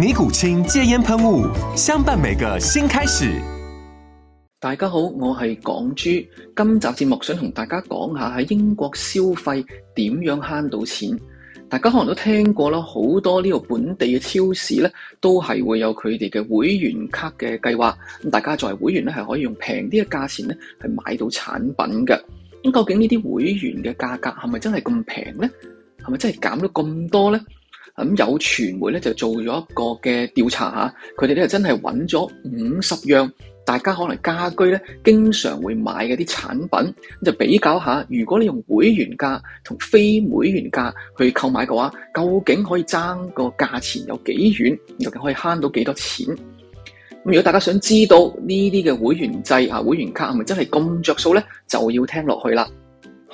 尼古清戒煙噴霧，相伴每個新開始。大家好，我係港豬。今集節目想同大家講下喺英國消費點樣慳到錢。大家可能都聽過啦，好多呢個本地嘅超市咧，都係會有佢哋嘅會員卡嘅計劃。咁大家作為會員咧，係可以用平啲嘅價錢咧，去買到產品嘅。咁究竟呢啲會員嘅價格係咪真係咁平咧？係咪真係減咗咁多咧？咁有傳媒咧就做咗一個嘅調查下，佢哋咧真係揾咗五十樣大家可能家居咧經常會買嘅啲產品，咁就比較下，如果你用會員價同非會員價去購買嘅話，究竟可以爭個價錢有幾遠，究竟可以慳到幾多錢？咁如果大家想知道呢啲嘅會員制啊會員卡係咪真係咁着數呢，就要聽落去啦。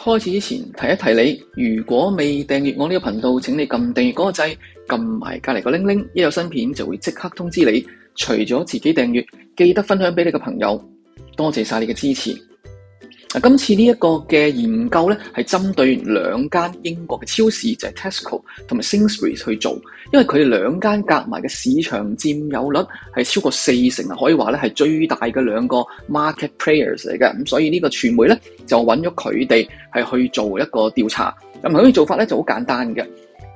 開始之前提一提你，如果未訂閱我呢個頻道，請你撳訂閱嗰個掣，撳埋隔離個鈴鈴，一有新片就會即刻通知你。除咗自己訂閱，記得分享俾你嘅朋友，多謝晒你嘅支持。今次呢一個嘅研究呢，係針對兩間英國嘅超市，就係、是、Tesco 同埋 Sainsbury's 去做，因為佢哋兩間夾埋嘅市場佔有率係超過四成啊，可以話呢係最大嘅兩個 market players 嚟嘅，咁所以呢個傳媒呢，就揾咗佢哋係去做一個調查，咁佢啲做法呢，就好簡單嘅。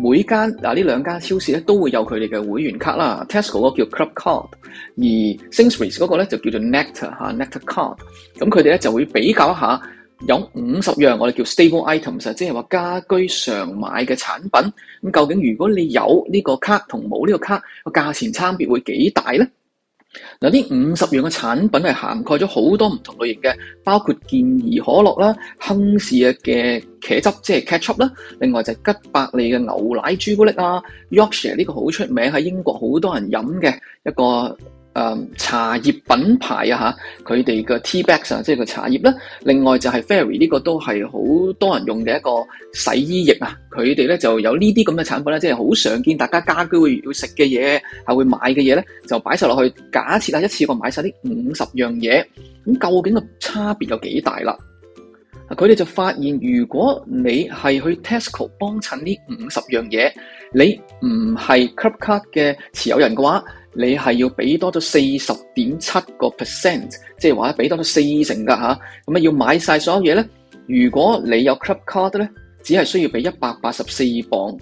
每間啊，呢兩間超市咧都會有佢哋嘅會員卡啦，Tesco 嗰個叫 Club Card，而 Sainsbury's 嗰個咧就叫做 Nectar 嚇、啊、Nectar Card。咁佢哋咧就會比較一下，有五十樣我哋叫 Stable Items、啊、即係話家居常買嘅產品。咁究竟如果你有呢個卡同冇呢個卡，個價錢差別會幾大咧？嗱，呢五十樣嘅產品係涵蓋咗好多唔同類型嘅，包括健怡可樂啦、亨氏嘅茄汁即係 ketchup 啦，另外就係吉百利嘅牛奶朱古力啊、Yorkshire 呢個好出名喺英國好多人飲嘅一個。誒、嗯、茶葉品牌啊，吓佢哋嘅 tea bags 啊，即係個茶葉啦。另外就係 Fairy 呢個都係好多人用嘅一個洗衣液啊。佢哋咧就有呢啲咁嘅產品咧，即係好常見，大家家居會要食嘅嘢係會買嘅嘢咧，就擺晒落去。假設啊，一次過買晒呢五十樣嘢，咁究竟個差別有幾大啦？佢哋就發現，如果你係去 Tesco 幫襯呢五十樣嘢，你唔係 Clubcard 嘅持有人嘅話，你係要俾多咗四十點七個 percent，即係話俾多咗四成㗎吓，咁啊要買晒所有嘢咧，如果你有 Clubcard 咧，只係需要俾一百八十四磅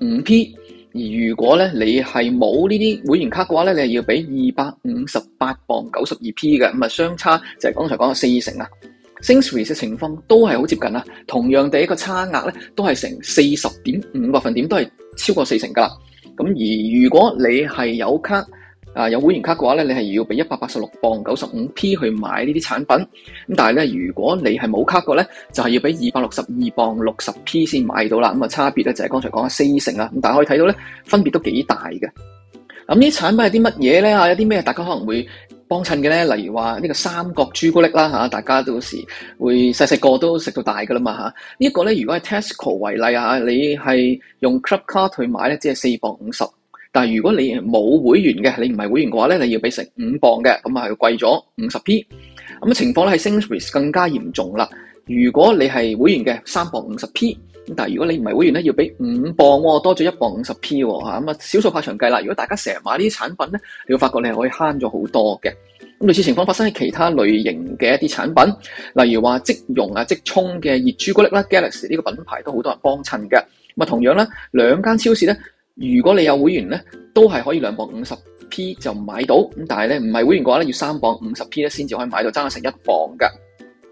五 p；而如果咧你係冇呢啲會員卡嘅話咧，你係要俾二百五十八磅九十二 p 嘅，咁啊相差就係剛才講嘅四成啊。Sainsbury's 嘅情況都係好接近啊，同樣第一個差額咧都係成四十點五百分點，都係超過四成㗎啦。咁而如果你係有卡啊有會員卡嘅話咧，你係要俾一百八十六磅九十五 P 去買呢啲產品。咁但係咧，如果你係冇卡嘅咧，就係要俾二百六十二磅六十 P 先買到啦。咁、那、啊、個、差別咧就係剛才講嘅四成啊。咁大家可以睇到咧，分別都幾大嘅。咁呢啲產品係啲乜嘢咧？啊，有啲咩大家可能會幫襯嘅咧，例如話呢個三角朱古力啦嚇，大家都時會細細個都食到大噶啦嘛嚇。呢個咧，如果係 Tesco 為例啊，你係用 Clubcard 去買咧，只係四磅五十，但如果你冇會員嘅，你唔係會員嘅話咧，你要俾成五磅嘅，咁啊係貴咗五十 p。咁情況咧，係 Sainsbury's 更加嚴重啦。如果你係會員嘅，三磅五十 p。但如果你唔係會員咧，要俾五磅喎、哦，多咗一磅五十 p 喎，咁啊，小數怕長計啦。如果大家成日買呢啲產品咧，你會發覺你係可以慳咗好多嘅。咁、嗯、類似情況發生喺其他類型嘅一啲產品，例如話即溶啊、即沖嘅熱朱古力啦，Galaxy 呢個品牌都好多人幫襯嘅。咁、嗯、啊，同樣咧，兩間超市咧，如果你有會員咧，都係可以兩磅五十 p 就買到。咁但係咧，唔係會員嘅話咧，要三磅五十 p 咧先至可以買到1，爭成一磅㗎。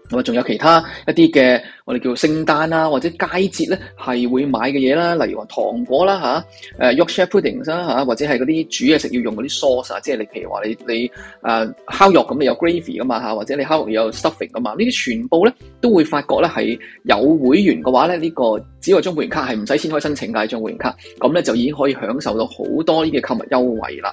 咁啊，仲有其他一啲嘅，我哋叫做聖誕啊，或者佳節咧，係會買嘅嘢啦，例如話糖果啦嚇，誒、啊、Yorkshire puddings 啦、啊、或者係嗰啲煮嘢食要用嗰啲 sauce 啊，即係譬如話你你誒、啊、烤肉咁，你有 gravy 噶嘛、啊、或者你烤肉你有 stuffing 噶嘛，呢啲全部咧都會發覺咧係有會員嘅話咧，呢、呢個只要張會員卡係唔使先開申請嘅張會員卡，咁咧就已經可以享受到好多呢嘅購物優惠啦。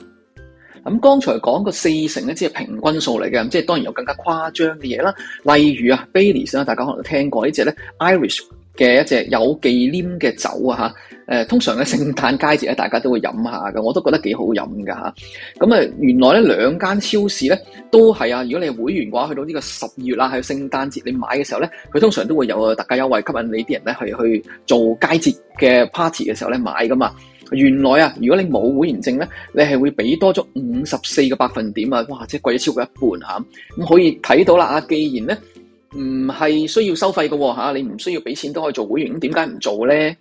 咁剛才講個四成咧，只係平均數嚟嘅，即係當然有更加誇張嘅嘢啦。例如啊，Baileys 大家可能都聽過呢隻咧 Irish 嘅一隻有忌廉嘅酒啊嚇。誒，通常喺聖誕佳節咧，大家都會飲下嘅，我都覺得幾好飲㗎嚇。咁啊，原來咧兩間超市咧都係啊，如果你係會員嘅話，去到呢個十月啦，喺聖誕節你買嘅時候咧，佢通常都會有特價優惠，吸引你啲人咧去去做佳節嘅 party 嘅時候咧買㗎嘛。原來啊，如果你冇會員證咧，你係會俾多咗五十四個百分點啊！哇，即係貴咗超過一半嚇，啊，咁可以睇到啦啊！既然咧唔係需要收費嘅喎嚇，你唔需要俾錢都可以做會員，咁點解唔做咧？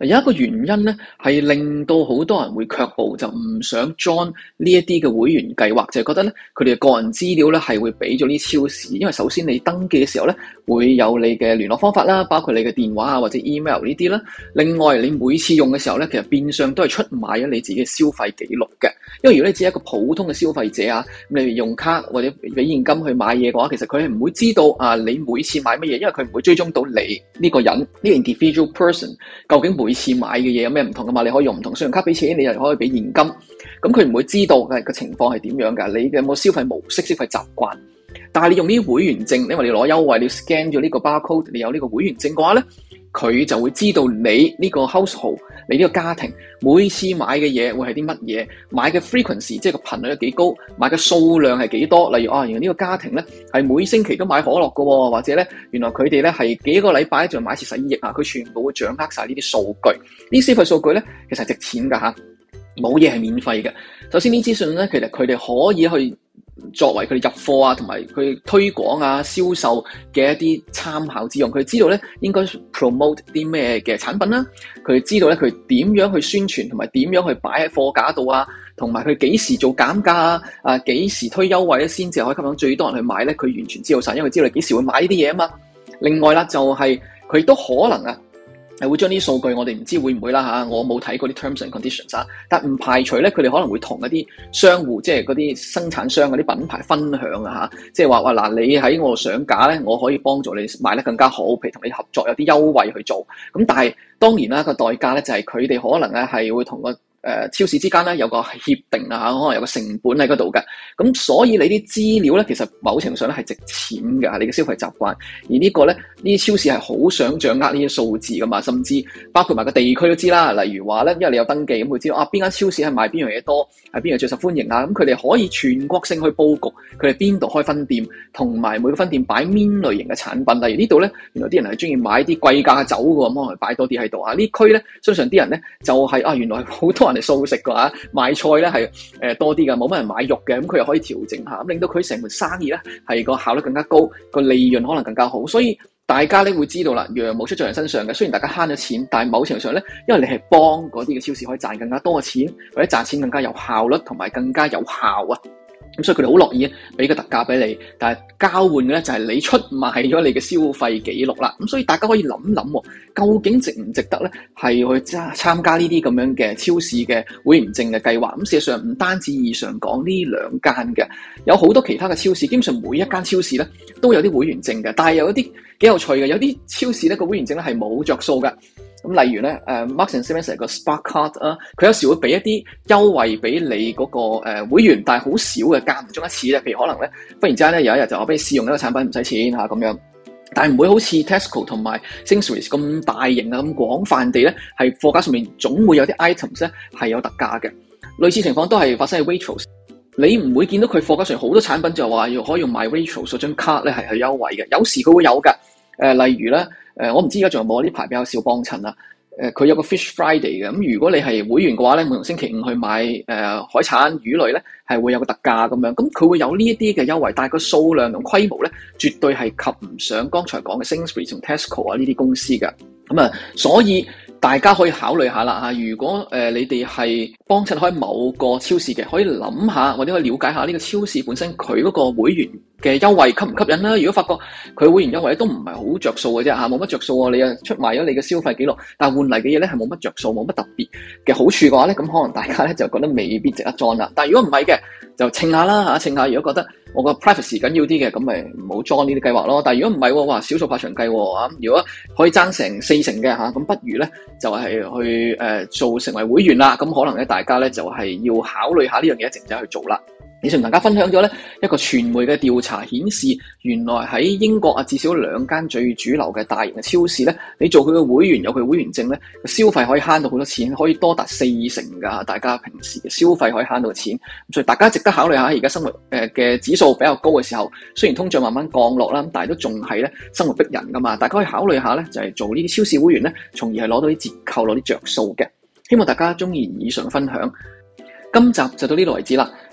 有一個原因咧，係令到好多人會卻步就不會，就唔想 join 呢一啲嘅會員計劃，就係覺得咧，佢哋嘅個人資料咧係會俾咗啲超市。因為首先你登記嘅時候咧，會有你嘅聯絡方法啦，包括你嘅電話啊或者 email 呢啲啦。另外，你每次用嘅時候咧，其實變相都係出賣咗你自己嘅消費記錄嘅。因為如果你只係一個普通嘅消費者啊，你用卡或者俾現金去買嘢嘅話，其實佢係唔會知道啊，你每次買乜嘢，因為佢唔會追蹤到你呢個人呢個 individual person 究竟，每次買嘅嘢有咩唔同噶嘛？你可以用唔同信用卡俾錢，你又可以俾現金，咁佢唔會知道嘅個情況係點樣噶？你有冇消費模式、消費習慣？但係你用呢啲會員證，因為你攞優惠，你要 scan 咗呢個 barcode，你有呢個會員證嘅話呢，佢就會知道你呢個 household，你呢個家庭，個家庭每次買嘅嘢會係啲乜嘢，買嘅 frequency 即係個頻率有幾高，買嘅數量係幾多。例如啊，原來呢個家庭咧係每星期都買可樂喎，哦，或者咧原來佢哋咧係幾個禮拜就買次洗衣液啊。佢全部會掌握晒呢啲數據，數據呢啲消費數據咧其實係值錢噶吓，冇嘢係免費嘅。首先資訊呢資訊咧，其實佢哋可以去。作為佢哋入貨啊，同埋佢推廣啊、銷售嘅一啲參考之用，佢知道咧，應該 promote 啲咩嘅產品啦、啊。佢知道咧佢點樣去宣傳，同埋點樣去擺喺貨架度啊，同埋佢幾時做減價啊，啊幾時推優惠咧，先至可以吸引最多人去買咧。佢完全知道晒，因為他們知道你幾時會買呢啲嘢啊嘛。另外啦，就係、是、佢都可能啊。係會將啲數據，我哋唔知會唔會啦嚇，我冇睇嗰啲 terms and conditions，但唔排除咧，佢哋可能會同一啲商戶，即係嗰啲生產商嗰啲品牌分享啊嚇，即係話話嗱，你喺我上架咧，我可以幫助你賣得更加好，譬如同你合作有啲優惠去做，咁但係當然啦，個代價咧就係佢哋可能咧係會同個誒超市之間咧有個協定啊嚇，可能有個成本喺嗰度嘅。咁所以你啲資料咧，其實某程度上咧係值錢嘅，你嘅消費習慣。而呢個咧，啲超市係好想掌握呢啲數字噶嘛，甚至包括埋個地區都知啦。例如話咧，因為你有登記，咁佢知道啊邊間超市係賣邊樣嘢多，係邊樣最受歡迎啊。咁佢哋可以全國性去佈局，佢哋邊度開分店，同埋每個分店擺咩類型嘅產品。例如呢度咧，原來啲人係中意買啲貴價的酒㗎，咁可能擺多啲喺度啊。呢區咧，相信啲人咧就係、啊，原來好多人嚟素食㗎、吓、買菜咧係、呃、多啲嘅，冇乜人買肉嘅，咁佢又。可以調整下，咁令到佢成門生意咧係個效率更加高，個利潤可能更加好，所以大家咧會知道啦，羊毛出在人身上嘅。雖然大家慳咗錢，但係某程度上咧，因為你係幫嗰啲嘅超市可以賺更加多嘅錢，或者賺錢更加有效率，同埋更加有效啊。咁所以佢哋好樂意啊，俾個特價俾你，但係交換嘅咧就係你出賣咗你嘅消費記錄啦。咁所以大家可以諗諗，究竟值唔值得咧？係去參加呢啲咁樣嘅超市嘅會員證嘅計劃。咁事實上唔單止以上講呢兩間嘅，有好多其他嘅超市，基本上每一間超市咧都有啲會員證嘅，但係有一啲幾有趣嘅，有啲超市咧個會員證咧係冇着數㗎。咁例如咧，Marks and Spencer 個 Spark Card 啊，佢有時會俾一啲優惠俾你嗰個誒會員，但係好少嘅間唔中一次咧，譬如可能咧，忽然之間咧有一日就話俾你試用呢個產品唔使錢嚇咁樣，但係唔會好似 Tesco 同埋 Sainsbury's 咁大型啊、咁廣泛地咧係貨架上面總會有啲 items 咧係有特價嘅。類似情況都係發生喺 Waitrose，你唔會見到佢貨架上好多產品就話要可以用買 Waitrose 嗰張卡咧係去優惠嘅，有時佢會有嘅、呃。例如咧。呃、我唔知而家仲有冇呢排比較少幫襯啦。佢、呃、有個 Fish Friday 嘅，咁如果你係會員嘅話咧，每逢星期五去買、呃、海產魚類咧，係會有個特價咁樣。咁、嗯、佢會有呢一啲嘅優惠，但係個數量同規模咧，絕對係及唔上剛才講嘅 Sainsbury 同 Tesco 啊呢啲公司嘅。咁、嗯、啊，所以大家可以考慮下啦嚇。如果、呃、你哋係幫襯開某個超市嘅，可以諗下或者可以了解下呢個超市本身佢嗰個會員嘅優惠吸唔吸引啦？如果發覺佢會員優惠都唔係好着數嘅啫嚇，冇乜着數喎，你又出賣咗你嘅消費記錄，但換嚟嘅嘢咧係冇乜着數，冇乜特別嘅好處嘅話咧，咁可能大家咧就覺得未必值得 join 啦。但如果唔係嘅，就稱下啦嚇，稱下。如果覺得我個 privacy 緊要啲嘅，咁咪唔好 join 呢啲計劃咯。但如果唔係喎，話小數怕長計喎啊！如果可以爭成四成嘅嚇，咁不如咧就係去誒、呃、做成為會員啦。咁可能咧大家咧就係要考慮下呢樣嘢值唔值去做啦。你仲同大家分享咗呢一個傳媒嘅調查顯示，原來喺英國啊，至少兩間最主流嘅大型嘅超市呢，你做佢嘅會員有佢會員證呢，消費可以慳到好多錢，可以多達四成噶。大家平時嘅消費可以慳到錢，所以大家值得考慮下。而家生活嘅指數比較高嘅時候，雖然通脹慢慢降落啦，但係都仲係生活逼人噶嘛。大家可以考慮下呢，就係做呢啲超市會員呢，從而係攞到啲折扣，攞啲着數嘅。希望大家中意以上分享，今集就到呢度為止啦。